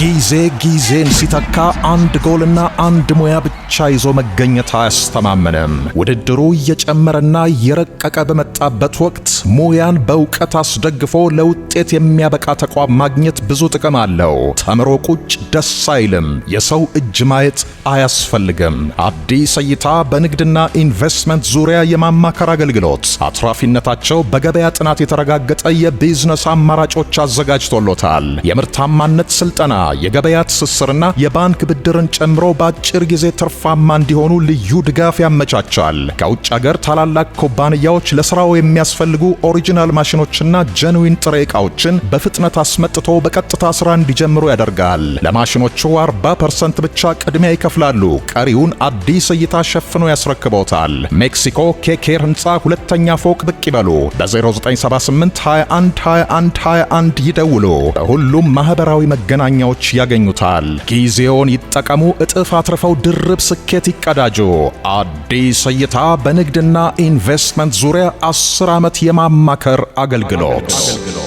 ጊዜ ጊዜን ሲተካ አንድ ጎልና አንድ ሙያ ብቻ ይዞ መገኘት አያስተማምንም። ውድድሩ እየጨመረና እየረቀቀ በመጣበት ወቅት ሙያን በእውቀት አስደግፎ ለውጤት የሚያበቃ ተቋም ማግኘት ብዙ ጥቅም አለው። ተምሮ ቁጭ ደስ አይልም። የሰው እጅ ማየት አያስፈልግም። አዲስ እይታ በንግድና ኢንቨስትመንት ዙሪያ የማማከር አገልግሎት አትራፊነታቸው በገበያ ጥናት የተረጋገጠ የቢዝነስ አማራጮች አዘጋጅቶሎታል። የምርታማነት ስልጠና የገበያ ትስስርና የባንክ ብድርን ጨምሮ በአጭር ጊዜ ትርፋማ እንዲሆኑ ልዩ ድጋፍ ያመቻቻል። ከውጭ አገር ታላላቅ ኩባንያዎች ለስራው የሚያስፈልጉ ኦሪጂናል ማሽኖችና ጀንዊን ጥሬ ዕቃዎችን በፍጥነት አስመጥቶ በቀጥታ ስራ እንዲጀምሩ ያደርጋል። ለማሽኖቹ 40% ብቻ ቅድሚያ ይከፍላሉ። ቀሪውን አዲስ እይታ ሸፍኖ ያስረክቦታል። ሜክሲኮ ኬኬር ህንፃ ሁለተኛ ፎቅ ብቅ ይበሉ። በ0978 21 21 21 ይደውሉ። በሁሉም ማኅበራዊ መገናኛዎች ሰዎች ያገኙታል። ጊዜውን ይጠቀሙ፣ እጥፍ አትርፈው ድርብ ስኬት ይቀዳጁ። አዲስ እይታ በንግድና ኢንቨስትመንት ዙሪያ 10 ዓመት የማማከር አገልግሎት